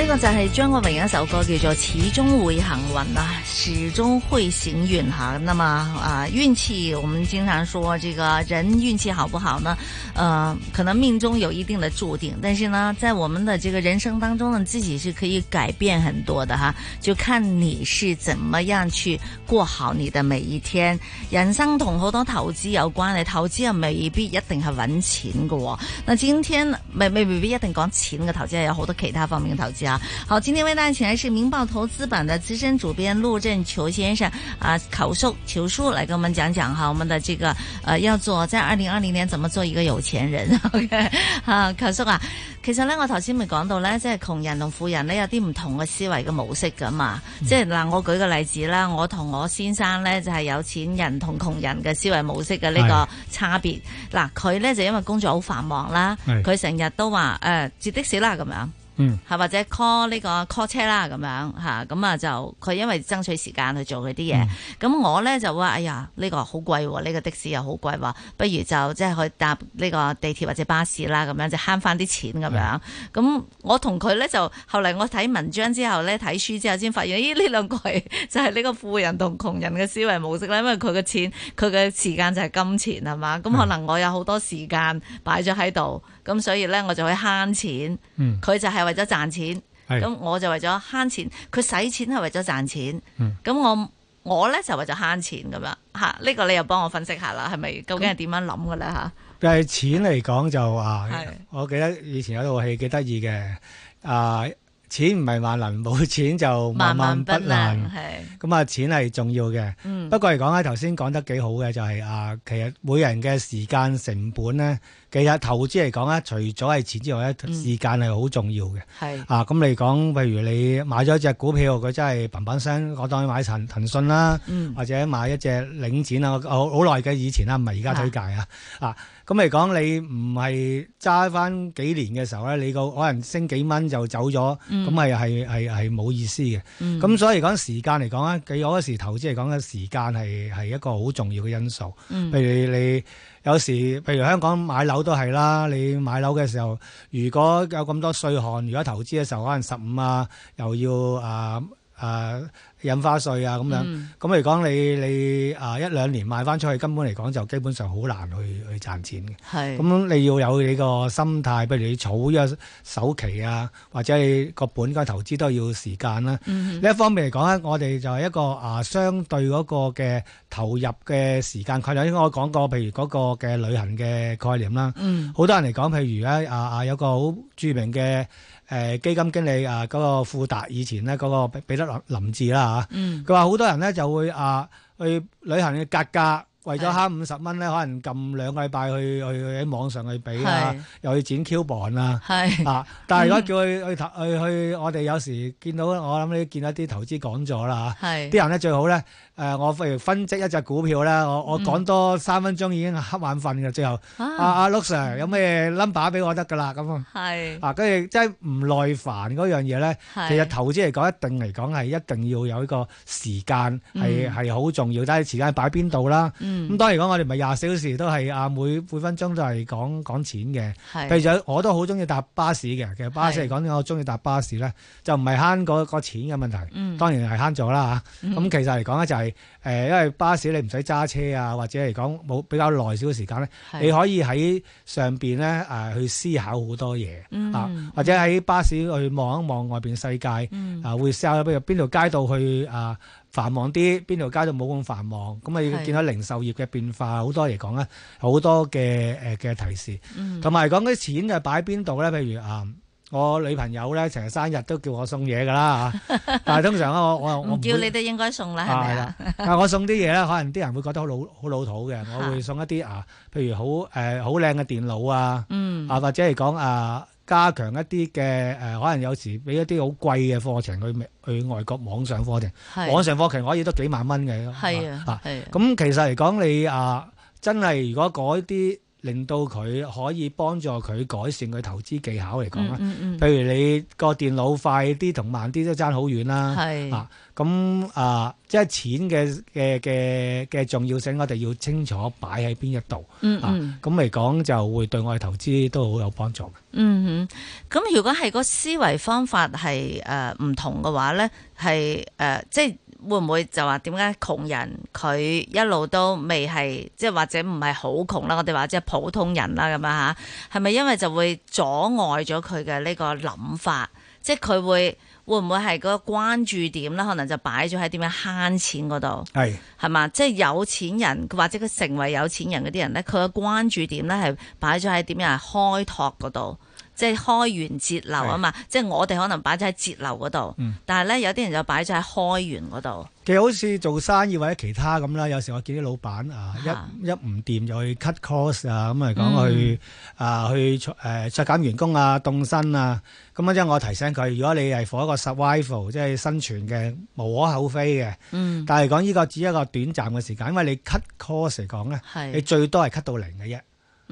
呢個就係張國榮一首歌叫做《始終會行運》啊，始終會行運吓，那麼啊，運氣，我們經常說，這個人運氣好不好呢？呃，可能命中有一定的注定，但是呢，在我們的這個人生當中呢，自己是可以改變很多的哈。就看你是怎麼樣去過好你的每一天。人生同好多投資有關，你投資又、啊啊、未必一定係搵錢嘅。那今天未未未必一定講錢嘅投資，啊，有好多其他方面嘅投資好，今天為大家請來是《明報》投資版的資深主編陸振球先生啊，球叔求叔來跟我們講講哈，我們的這個，呃，要做即係二零二零年，怎麼做一個有錢人 o、okay? 啊、球叔啊，其實呢，我頭先咪講到呢，即係窮人同富人呢，有啲唔同嘅思維嘅模式噶嘛，嗯、即係嗱、呃，我舉個例子啦，我同我先生呢，就係、是、有錢人同窮人嘅思維模式嘅呢個差別，嗱是，佢、呃、呢，就因為工作好繁忙啦，佢成日都話誒，截的士啦咁樣。嗯，係或者 call 呢個 call 車啦，咁樣吓，咁啊就佢因為爭取時間去做佢啲嘢。咁、嗯、我咧就話，哎呀，呢、呢個好貴、啊，呢、呢個的士又好貴，話不如就即係去搭呢個地鐵或者巴士啦，咁樣就慳翻啲錢咁樣。咁是我同佢咧就，後嚟我睇文章之後咧，睇書之後先發現，咦，呢兩個係就係呢個富人同窮人嘅思維模式啦。因為佢嘅錢，佢嘅時間就係金錢係嘛。咁可能我有好多時間擺咗喺度。是嗯咁所以咧，我就去慳錢。佢、嗯、就係為咗賺錢。咁是、嗯嗯、我，我就是、為咗慳錢。佢使錢係為咗賺錢。咁我我咧就為咗慳錢咁樣吓。呢個你又幫我分析下啦，係咪究竟係點樣諗噶咧吓？就係錢嚟講就話，我記得以前有套戲幾得意嘅。啊，錢唔係萬能，冇錢就萬萬不，萬萬不能。係咁啊，錢係重要嘅。嗯、不過嚟講咧，頭先講得幾好嘅，就係、是、啊，其實每人嘅時間成本咧。啊其實投資嚟講咧，除咗係錢之外咧，嗯、時間係好重要嘅。係是啊，咁你講，譬如你買咗隻股票，佢真係砰砰聲，我當你買騰騰訊啦，嗯、或者買一隻領展、哦、啊，好耐嘅以前啦，唔係而家推介啊。啊，咁嚟講，你唔係揸翻幾年嘅時候咧，你個可能升幾蚊就走咗，咁係係係係冇意思嘅。咁所以講時間嚟講咧，我嗰、嗯啊、時投資嚟講咧，時間係係一個好重要嘅因素。譬如你。有時譬如香港買樓都係啦，你買樓嘅時候如果有咁多稅項，如果投資嘅時候可能十五啊又要啊啊。啊印花稅啊咁、嗯、樣，咁嚟講你你啊一兩年賣返出去，根本嚟講就基本上好難去去賺錢嘅。係是，咁你要有你個心態，譬如你儲咗首期啊，或者你個本金投資都要時間啦、啊。呢、嗯、哼一方面嚟講咧，我哋就係一個啊相對嗰個嘅投入嘅時間概念，因為我講過，譬如嗰個嘅旅行嘅概念啦。好、嗯、多人嚟講，譬如咧啊啊，有個好著名嘅誒基金經理啊，嗰、那個富達以前咧嗰個彼得林林志啦。嗯，佢話好多人咧就會啊去旅行嘅格價。為咗慳五十蚊咧，是的 可能撳兩個禮拜去去喺網上去俾啊，又去剪 Q 板啊，啊！但係如果叫佢去去去，去，我哋有時見到我諗你見到啲投資講座啦吓，啲是的 人咧最好咧，誒、呃，我譬如分析一隻股票咧，我我講多三分鐘已經瞌眼瞓嘅，最後阿阿陸 Sir 有咩 number 俾我得噶啦，咁啊，啊，Sir, 是的 啊，跟住即係唔耐煩嗰樣嘢咧，其實投資嚟講一定嚟講係一定要有一個時間係係好重要，但係時間擺邊度啦。啊啊。咁、嗯、當然講，我哋唔係廿四小時都係啊，每每分鐘都係講講錢嘅。是譬如我都好中意搭巴士嘅。其實巴士嚟講，是我中意搭巴士咧，就唔係慳嗰個錢嘅問題。嗯、當然係慳咗啦嚇。咁、嗯、其實嚟講咧，就係、是、誒，因為巴士你唔使揸車啊，或者嚟講冇比較耐少少時間咧，你可以喺上邊咧誒去思考好多嘢是啊，嗯嗯、或者喺巴士去望一望外邊世界、嗯嗯、啊，會 sell 譬如邊條街道去啊。繁忙啲，邊條街都冇咁繁忙，咁啊是見到零售業嘅變化好多嚟講咧，好多嘅誒嘅提示，同埋講啲錢就擺邊度咧？譬如啊，我女朋友咧成日生日都叫我送嘢噶啦嚇， 但係通常咧我我我唔叫你都應該送啦，係咪啊？吧但係我送啲嘢咧，可能啲人會覺得好老好老土嘅，我會送一啲啊，譬如好誒好靚嘅電腦啊，啊、嗯、或者係講啊。加強一啲嘅誒，可能有時俾一啲好貴嘅課程去去外國網上課程，的網上課程可以得幾萬蚊嘅。係的啊，咁其實嚟講你，你啊真係如果改啲，令到佢可以幫助佢改善佢投資技巧嚟講啦，嗯嗯嗯譬如你個電腦快啲同慢啲都爭好遠啦是、啊，啊咁啊即係錢嘅嘅嘅嘅重要性，我哋要清楚擺喺邊一度啊，咁嚟講就會對我哋投資都好有幫助。嗯哼，咁如果係個思維方法係誒唔同嘅話咧，係誒、呃、即係。會唔會就話點解窮人佢一路都未係，即係或者唔係好窮啦？我哋話即係普通人啦咁樣吓，係咪因為就會阻礙咗佢嘅呢個諗法？即係佢會會唔會係個關注點咧？可能就擺咗喺點樣慳錢嗰度？係係嘛？即係有錢人或者佢成為有錢人嗰啲人咧，佢嘅關注點咧係擺咗喺點樣開拓嗰度？即係開源節流啊嘛！是即係我哋可能擺咗喺節流嗰度，嗯、但係咧有啲人就擺咗喺開源嗰度。其實好似做生意或者其他咁啦，有時我見啲老闆啊，啊一一唔掂就去 cut cost 啊，咁嚟講去啊去誒裁、呃、減員工啊，凍薪啊。咁樣即係我提醒佢，如果你係 for 一個 survival，即係生存嘅無可厚非嘅。嗯。但係講呢個只一個短暫嘅時間，因為你 cut cost 嚟講咧，你最多係 cut 到零嘅啫。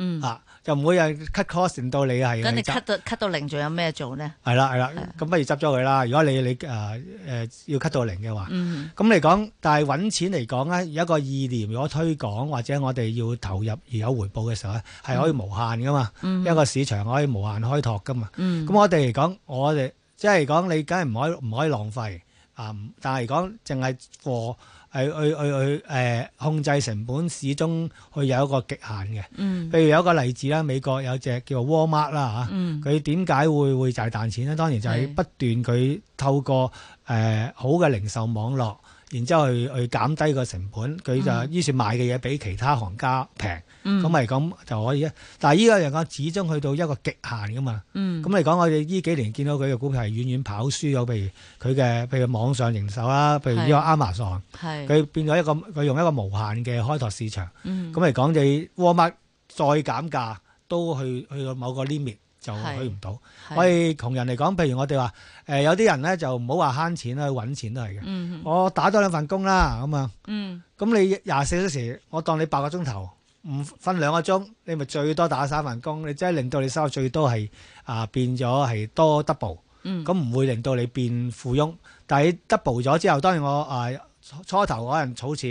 嗯啊，就唔會係 cut cost 令到你係。咁你 cut 到 cut 到零做，仲有咩做咧？係啦係啦，咁的不如執咗佢啦。如果你你誒誒、呃呃、要 cut 到零嘅話，咁嚟講，但係揾錢嚟講咧，有一個意念如果推廣或者我哋要投入而有回報嘅時候咧，係可以無限噶嘛，嗯、哼一個市場可以無限開拓噶嘛。咁、嗯、哼我哋嚟講，我哋即係嚟講你梗係唔可以唔可以浪費啊！但係嚟講，淨係個。係去去去誒控制成本，始終佢有一個極限嘅。譬、嗯、如有一個例子啦，美國有隻叫做 Walmart 啦嚇，佢點解會會就係賺錢咧？當然就係不斷佢透過誒、呃、好嘅零售網絡。然之後去去減低個成本，佢、嗯、就於是買嘅嘢比其他行家平，咁嚟講就可以。但係依家人講，始終去到一個極限㗎嘛。咁嚟講，我哋呢幾年見到佢嘅股票係遠遠跑輸咗。譬如佢嘅譬如網上零售啊，譬如呢個 Amazon，佢變咗一個佢用一個無限嘅開拓市場。咁嚟講，你貨物再減價都去去到某個 limit。就去唔到。所以窮人嚟講，譬如我哋話，誒、呃、有啲人咧就唔好話慳錢啦，去揾錢都係嘅。嗯、我打多兩份工啦，咁啊。咁、嗯、你廿四小時，我當你八個鐘頭，唔分兩個鐘，你咪最多打三份工。你真係令到你收入最多係啊、呃、變咗係多 double。咁唔、嗯、會令到你變富翁。但係 double 咗之後，當然我啊、呃、初頭可能儲錢，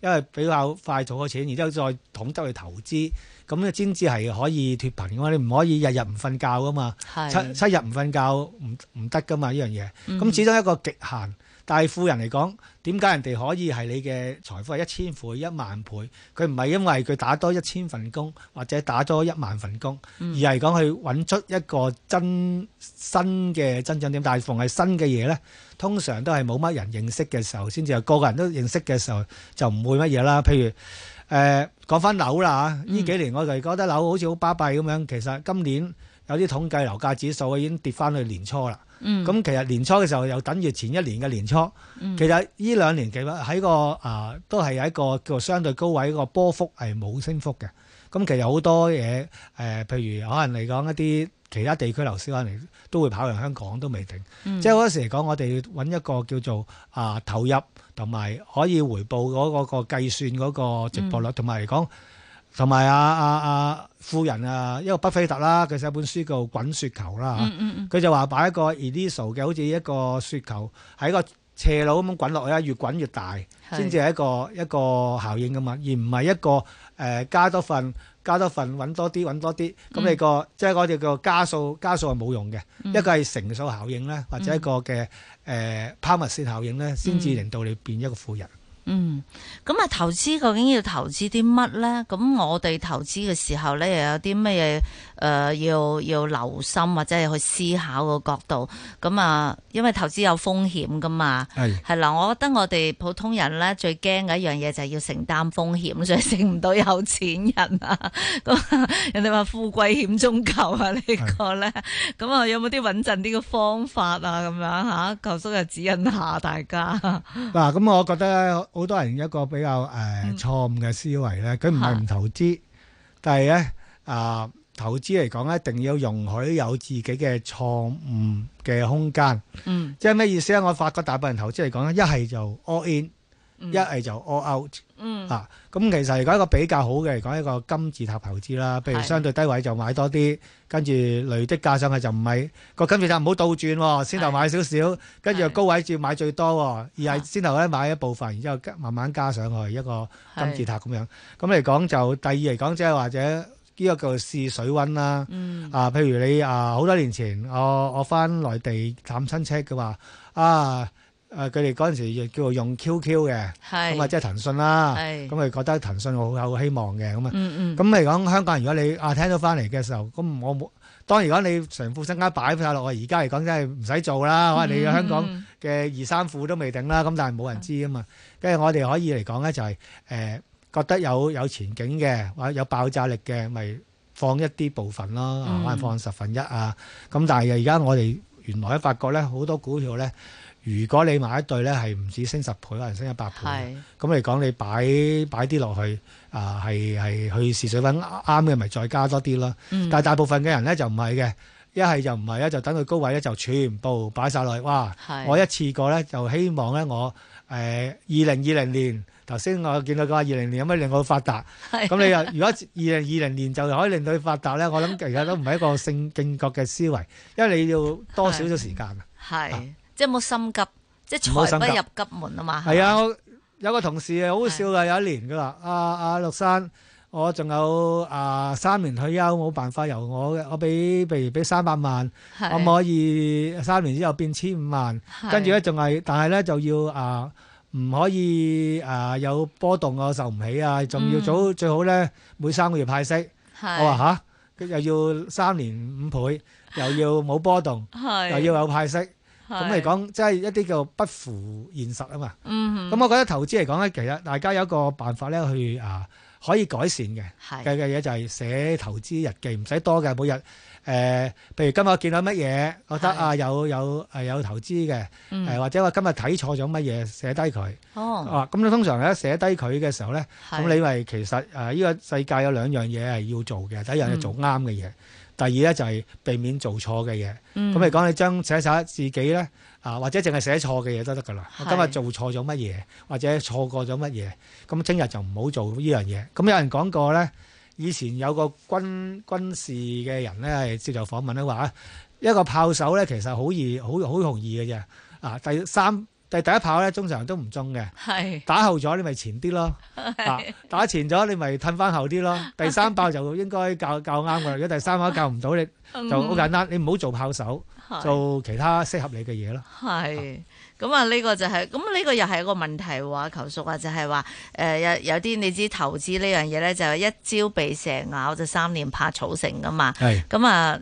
因為比較快儲個錢，然之後再統得去投資。咁咧先至係可以脫貧㗎嘛，你唔可以日日唔瞓覺㗎嘛，七七日唔瞓覺唔唔得㗎嘛，呢樣嘢。咁始終一個極限，但係富人嚟講，點解人哋可以係你嘅財富係一千倍、一萬倍？佢唔係因為佢打多一千份工或者打多一萬份工，而係講佢揾出一個真新嘅增長點。但係逢係新嘅嘢咧，通常都係冇乜人認識嘅時候，先至係個個人都認識嘅時候就唔會乜嘢啦。譬如。誒講翻樓啦嚇，呢、嗯、幾年我就覺得樓好似好巴閉咁樣，其實今年有啲統計樓價指數已經跌翻去年初啦。咁、嗯、其實年初嘅時候又等於前一年嘅年初，其實呢兩年其實喺個啊、呃、都係有一個叫相對高位個波幅係冇升幅嘅。咁其實好多嘢，誒、呃，譬如可能嚟講一啲其他地區樓市可能都會跑嚟香港，都未定。嗯、即係嗰時嚟講，我哋揾一個叫做啊投入同埋可以回報嗰、那個計、那個、算嗰個值博率，同埋嚟講，同埋阿阿阿富人啊，一個巴菲特啦，佢寫本書叫《滾雪球》啦嚇，佢、嗯嗯嗯、就話擺一個 initial 嘅好似一個雪球喺個斜路咁樣滾落去啊，越滾越大，先至係一個是一個效應噶嘛，而唔係一個誒、呃、加多份加多份揾多啲揾多啲咁，嗯、你個即係我哋叫加數加數係冇用嘅，嗯、一個係乘數效應咧，或者一個嘅誒拋物線效應咧，先至令到你變一個富人。嗯，咁、嗯、啊，嗯、投資究竟要投資啲乜咧？咁我哋投資嘅時候咧，又有啲乜嘢？誒、呃，要要留心或者去思考嘅角度咁啊，因為投資有風險噶嘛，係係啦。我覺得我哋普通人咧最驚嘅一樣嘢就係要承擔風險，所以成唔到有錢人啊。 人哋話富貴險中求啊，這個、呢個咧咁啊，的有冇啲穩陣啲嘅方法啊？咁樣吓、啊，球、啊、叔就指引下大家嗱。咁、 啊、我覺得好多人一個比較誒錯誤嘅思維咧，佢唔係唔投資，但係咧啊。呃呃呃投資嚟講咧，一定要容許有自己嘅錯誤嘅空間。嗯，即係咩意思咧？我發覺大部分人投資嚟講咧，一係就 all in，一係就 all out。嗯，啊咁其實嚟講一個比較好嘅嚟講，一個金字塔投資啦。譬如相對低位就買多啲，跟住累積加上去就唔係個金字塔，唔好倒轉。先頭買少少，跟住又高位要買最多，而係先頭咧買一部分，然之後慢慢加上去一個金字塔咁樣。咁嚟講就第二嚟講，即係或者。呢個叫做試水溫啦，嗯、啊，譬如你啊，好多年前我我翻內地探親戚嘅話，啊，誒，佢哋嗰陣時叫做用 QQ 嘅，咁啊，即、啊、係是騰訊啦，咁佢是覺得騰訊好有希望嘅，咁啊，咁嚟講香港人如果你啊聽到翻嚟嘅時候，咁我冇，當然如果你成副身家擺曬落，而家嚟講真係唔使做啦，可能、嗯、你香港嘅二三富都未定啦，咁但係冇人知啊嘛，跟住、嗯、我哋可以嚟講咧就係、是、誒。呃呃覺得有有前景嘅，或者有爆炸力嘅，咪放一啲部分咯，可能、嗯、放十分一啊。咁但係而家我哋原來一發覺咧，好多股票咧，如果你買一對咧，係唔止升十倍，可能升一百倍。咁嚟講，你擺擺啲落去啊，係、呃、係去試水溫揾啱嘅，咪再加多啲咯。嗯、但係大部分嘅人咧就唔係嘅，一係就唔係咧，就等佢高位咧就全部擺晒落去。哇！是我一次過咧就希望咧我誒二零二零年。頭先我見到佢話二零年有咩令我發達，咁是的 你又如果二零二零年就可以令到佢發達咧，我諗其實都唔係一個性競覺嘅思維，因為你要多少少時間的啊，係即冇心急，即財不入急門啊嘛。係啊，有個同事好笑㗎，有一年㗎喇：阿阿陸生，我仲有啊三年退休，冇辦法由我嘅，我俾譬如俾三百萬，可唔的可以三年之後變千五萬？跟住咧仲係，但係咧就要啊。啊啊啊啊啊啊啊唔可以啊、呃！有波動我受唔起啊！仲要早最好咧，每三個月派息。嗯、我話嚇，又要三年五倍，又要冇波動，係又要有派息。咁嚟係講，即係一啲叫不符現實啊嘛。咁、嗯、哼我覺得投資嚟講咧，其實大家有一個辦法咧，去啊。可以改善嘅嘅嘢就係寫投資日記，唔使多嘅，每日誒、呃，譬如今日我見到乜嘢，是覺得啊有有誒、啊、有投資嘅，誒、嗯呃、或者我今日睇錯咗乜嘢，寫低佢。哦，咁你、啊、通常咧寫低佢嘅時候咧，咁是你咪其實誒呢、呃呢個世界有兩樣嘢係要做嘅，第一樣係做啱嘅嘢，嗯、第二咧就係避免做錯嘅嘢。咁你講你將寫晒自己咧。嗯啊，或者淨係寫錯嘅嘢都得㗎啦。我今日做錯咗乜嘢，或者錯過咗乜嘢，咁聽日就唔好做呢樣嘢。咁有人講過咧，以前有個軍軍事嘅人咧係接受訪問咧話，一個炮手咧其實好易，好好容易嘅啫。啊，第三第第一炮咧，通常都唔中嘅。係打後咗，你咪前啲咯。啊，打前咗，你咪褪翻後啲咯。第三炮就應該教教啱㗎啦。如果第三炮教唔到你，就好簡單，你唔好做炮手。是做其他適合你嘅嘢咯，係咁啊！呢個就係咁，呢個又係一個問題，話求熟啊，就係話誒有，有啲你知投資呢樣嘢咧，就係一朝被蛇咬就三年怕草繩噶嘛，係咁啊。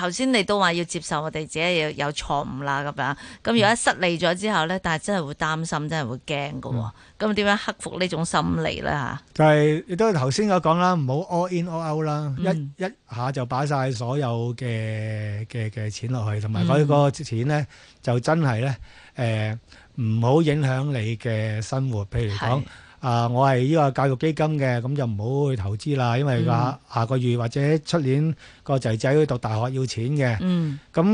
頭先你都話要接受我哋自己有有錯誤啦咁樣，咁如果失利咗之後咧，嗯、但係真係會擔心，真係會驚㗎喎。咁點樣克服呢種心理咧？吓、就係，就係亦都係頭先我講啦，唔好 all in all out 啦，一、嗯、一下就擺晒所有嘅嘅嘅錢落去，同埋嗰個錢咧就真係咧誒，呃、唔好影響你嘅生活。譬如講。啊！我係呢個教育基金嘅，咁就唔好去投資啦，因為話下個月或者出年個仔仔去讀大學要錢嘅。嗯。咁，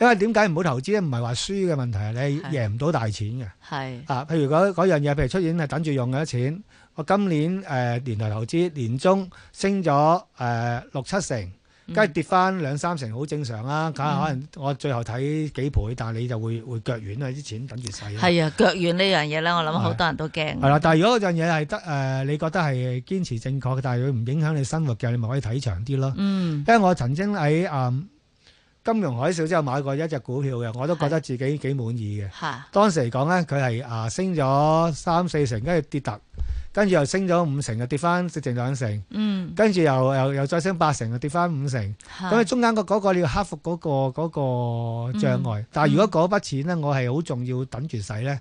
因為點解唔好投資咧？唔係話輸嘅問題，係你贏唔到大錢嘅。係。啊！譬如嗰嗰樣嘢，譬如出年係等住用嘅錢，我今年誒年頭投資，年中升咗誒六七成。梗係、嗯、跌翻兩三成好正常啦，啊，梗係、嗯、可能我最後睇幾倍，但係你就會會腳軟啦，啲錢等住使。係啊，腳軟呢樣嘢咧，我諗好多人都驚。係啦，啊，但係如果嗰樣嘢係得誒、呃，你覺得係堅持正確，但係佢唔影響你生活嘅，你咪可以睇長啲咯。嗯，因為我曾經喺啊、呃、金融海嘯之後買過一隻股票嘅，我都覺得自己幾是滿意嘅。係、啊。當時嚟講咧，佢係啊升咗三四成，跟住跌突。跟住又升咗五成，又跌翻跌剩兩成。嗯，跟住又又又再升八成，又跌翻五成。咁你，中間個嗰個你要克服嗰個嗰個障礙。但係如果嗰筆錢咧，我係好重要，等住使咧，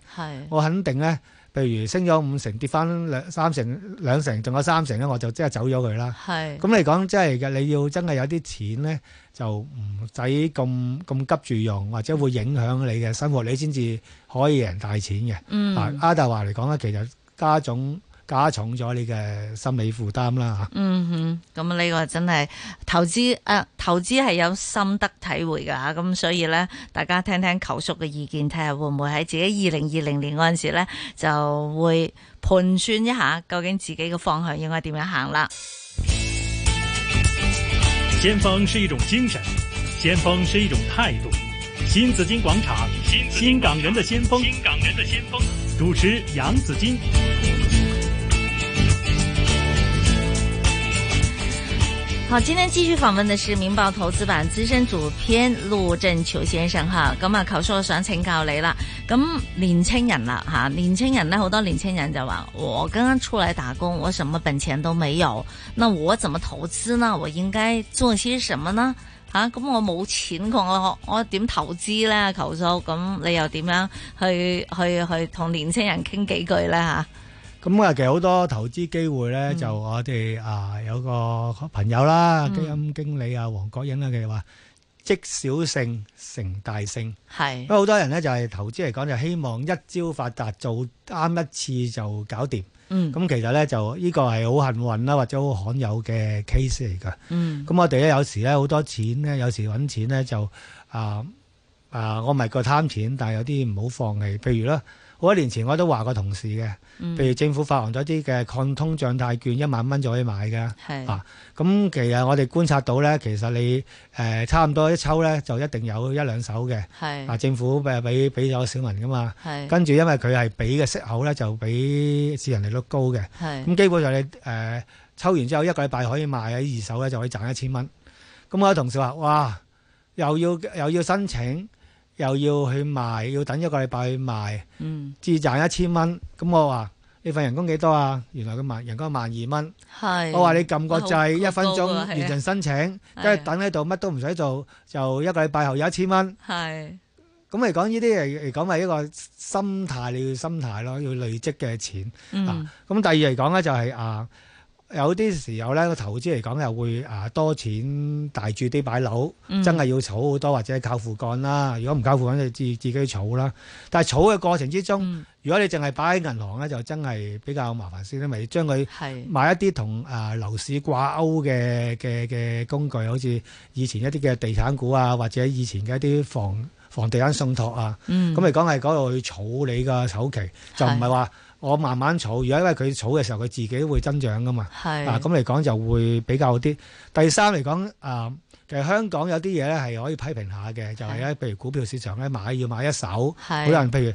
我肯定咧，譬如升咗五成，跌翻兩三成兩成，仲有三成咧，我就即係走咗佢啦。係咁嚟講，即係嘅你要真係有啲錢咧，就唔使咁咁急住用，或者會影響你嘅生活，你先至可以贏大錢嘅。嗯，阿大華嚟講咧，其實家總。加重咗你嘅心理負擔啦，嗯哼，咁、這、呢個真係投資誒，投資係、啊、有心得體會噶，咁、啊、所以呢，大家聽聽球叔嘅意見，睇下會唔會喺自己二零二零年嗰陣時咧，就會盤算一下究竟自己嘅方向應該點樣行啦。先鋒是一種精神，先鋒是一種態度。新紫金廣場，新紫金廣場，新港人的先鋒，新港人的先鋒，主持楊紫金。今天繼續訪問的是《明報》投資版資深主編陸振球先生哈，咁啊，嗯、球叔我想請教你啦，咁年輕人啦，哈，年輕人呢？好、啊、多年輕人就話，我剛剛出來打工，我什麼本錢都沒有，那我怎麼投資呢？我應該做些什麼呢？吓、啊，咁、嗯、我冇錢，我我我點投資呢？球叔，咁、嗯、你又點樣去去去同年輕人傾幾句呢？吓、啊？咁啊，其實好多投資機會咧，嗯、就我哋啊有個朋友啦，基金經理啊，黃國英啊，佢哋話積小勝成大勝。係是，不過好多人咧就係、是、投資嚟講，就希望一朝發達，做啱一次就搞掂。嗯，咁其實咧就呢個係好幸運啦，或者好罕有嘅 case 嚟㗎。嗯，咁我哋咧有時咧好多錢咧，有時揾錢咧就啊啊、呃呃，我唔係個貪錢，但係有啲唔好放棄。譬如啦。幾年前我都話過同事嘅，譬如政府發行咗啲嘅抗通脹債券，一萬蚊就可以買嘅。係是啊，咁、嗯、其實我哋觀察到咧，其實你誒、呃、差唔多一抽咧，就一定有一兩手嘅。係是啊，政府誒俾俾咗小民噶嘛。係是，跟住因為佢係俾嘅息口咧，就比市人利率高嘅。係是，咁、嗯、基本上你誒、呃、抽完之後一個禮拜可以賣喺二手咧，就可以賺一千蚊。咁、嗯、我啲同事話：哇，又要又要，又要申請。又要去賣，要等一個禮拜去賣，至、嗯、賺一千蚊。咁我話：你份人工幾多啊？原來佢萬人工萬二蚊。是我話你撳個掣，一分鐘的完成申請，跟住的等喺度，乜都唔使做，就一個禮拜後有一千蚊。係是。咁嚟講，呢啲嚟講係一個心態，你要心態咯，要累積嘅錢。嗯、啊。咁第二嚟講咧，就係啊。有啲時候咧，個投資嚟講又會誒多錢大住啲買樓，真係要儲好多，或者靠父幹啦。如果唔靠父幹，就自自己儲啦。但係儲嘅過程之中，嗯、如果你淨係擺喺銀行咧，就真係比較麻煩少，因為將佢買一啲同誒樓市掛鈎嘅嘅嘅工具，好似以前一啲嘅地產股啊，或者以前嘅一啲房房地產信託啊，咁嚟講係嗰度去儲你個首期，就唔係話。我慢慢儲，如果因為佢儲嘅時候佢自己會增長噶嘛。是啊，咁嚟講就會比較好啲。第三嚟講，啊、呃、其實香港有啲嘢咧係可以批評下嘅，是就係、是、咧，譬如股票市場咧買要買一手，好是多人譬如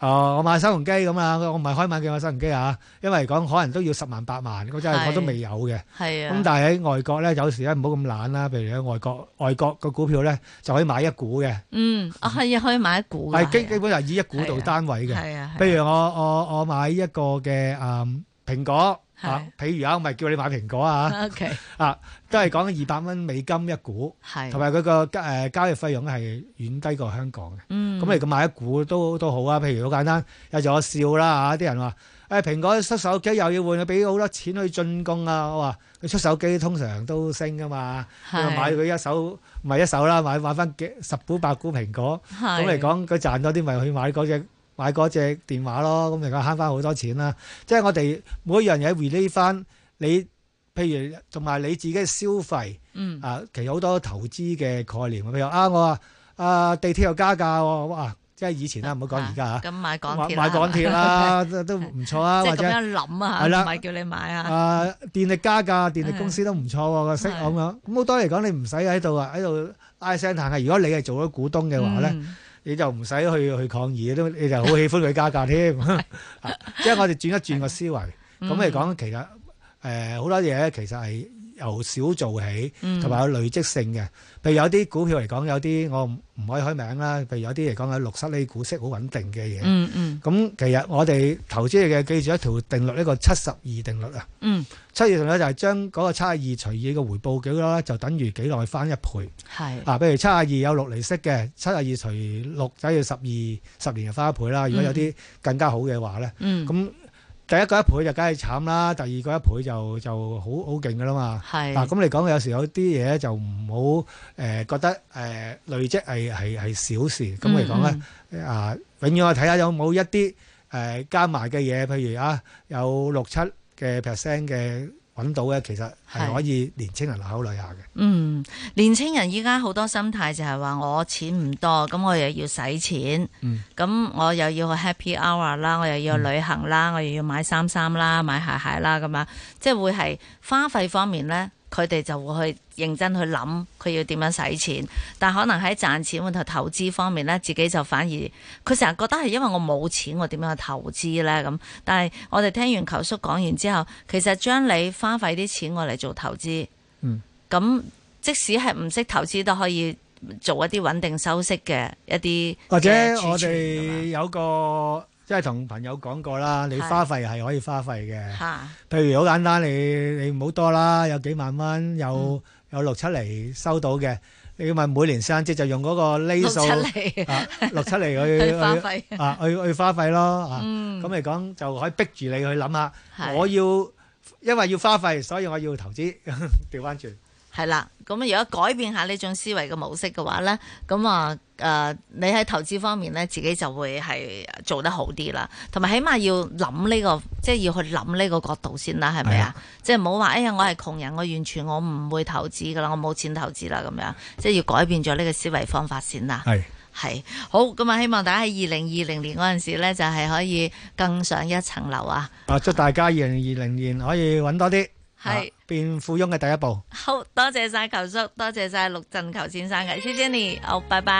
哦，我買收銀機咁啦，我唔係開買幾個收銀機啊，因為嚟講可能都要十萬八萬，我真係我都未有嘅。係啊，咁但係喺外國咧，有時咧唔好咁懶啦。譬如喺外國，外國個股票咧就可以買一股嘅。嗯，係啊，啊，可以買一股嘅。基基本係以一股做單位嘅。係啊，譬、啊啊、如我我我買一個嘅誒、嗯、蘋果。是啊，譬如啊，我咪叫你買蘋果啊，okay, 啊，都係講二百蚊美金一股，同埋佢個誒交易費用係遠低過香港嘅。咁你咁買一股都都好啊。譬如好簡單，有陣我笑啦嚇，啲、啊、人話誒、欸、蘋果出手機又要換，俾好多錢去進攻啊。我話佢出手機通常都升噶嘛，是買佢一手咪一手啦，買買翻幾十股百股蘋果，咁嚟講佢賺點多啲咪去買嗰隻買嗰隻電話咯，咁而家慳翻好多錢啦。即係我哋每一樣嘢回饋翻你，譬如同埋你自己消費，啊，其實好多投資嘅概念。譬如啊，我話，啊地鐵又加價，哇！即係以前啦，唔好講而家吓。咁買港鐵啦，都唔錯啊。或者咁諗啊，係啦，唔係叫你買啊。啊，電力加價，電力公司都唔錯喎，識咁樣。咁好多嚟講，你唔使喺度啊，喺度唉聲嘆氣。如果你係做咗股東嘅話咧。你就唔使去去抗議，你就好喜歡佢加價添。 即係我哋轉一轉個思維，咁你講，其實誒好多嘢其實係。由少做起，同埋有累積性嘅。譬如有啲股票嚟講，有啲我唔可以開名啦。譬如有啲嚟講係六色呢股息好穩定嘅嘢、嗯。嗯嗯。咁其實我哋投資嘅記住一條定律，呢、呢個七十二定律啊。嗯。七十二定律就係將嗰個七十二除以個回報幾多，就等於幾耐翻一倍。係是。啊，譬如七十二有六厘息嘅，七十二除六就係十二十年就翻一倍啦。嗯、如果有啲更加好嘅話咧，嗯。咁、嗯。第一個一倍就梗係慘啦，第二個一倍就就好好勁嘅啦嘛。係是，嗱咁你講，有時有啲嘢就唔好誒覺得誒、呃、累積係係係小事。咁嚟講咧，嗯嗯啊，永遠我睇下有冇一啲誒、呃、加埋嘅嘢，譬如啊有六七嘅 percent 嘅。揾到咧，其實係可以年青人考慮下嘅。嗯，年青人依家好多心態就係話我錢唔多，咁我又要使錢，咁、嗯、我又要去 happy hour 啦，我又要去旅行啦，嗯、我又要買衫衫啦，買鞋鞋啦，咁樣，即係會係花費方面咧。佢哋就會去認真去諗，佢要點樣使錢？但可能喺賺錢同投資方面呢，自己就反而佢成日覺得係因為我冇錢，我點樣去投資呢？咁，但係我哋聽完球叔講完之後，其實將你花費啲錢我嚟做投資，嗯，咁即使係唔識投資都可以做一啲穩定收息嘅一啲，或者儲存 我哋有個。即係同朋友講過啦，你花費係可以花費嘅。的譬如好簡單，你你唔好多啦，有幾萬蚊，有有六七厘收到嘅。嗯、你咪每年生即就用嗰個厘數七 啊，六七厘去， 去花費啊，去去花費咯。咁嚟講就可以逼住你去諗下，的我要因為要花費，所以我要投資。調翻轉。係啦，咁如果改變下呢種思維嘅模式嘅話呢，咁啊，誒、呃，你喺投資方面呢，自己就會係做得好啲啦。同埋起碼要諗呢個，即係要去諗呢個角度先啦，係咪啊？是的 即係唔好話，哎呀，我係窮人，我完全我唔會投資噶啦，我冇錢投資啦，咁樣，即係要改變咗呢個思維方法先啦。係係。是的 好，咁啊，希望大家喺二零二零年嗰陣時呢，就係可以更上一層樓啊！啊，祝大家二零二零年可以揾多啲。係。變富翁嘅第一步。好多謝晒球叔，多謝晒陸振球先生嘅，謝謝你。好，拜拜。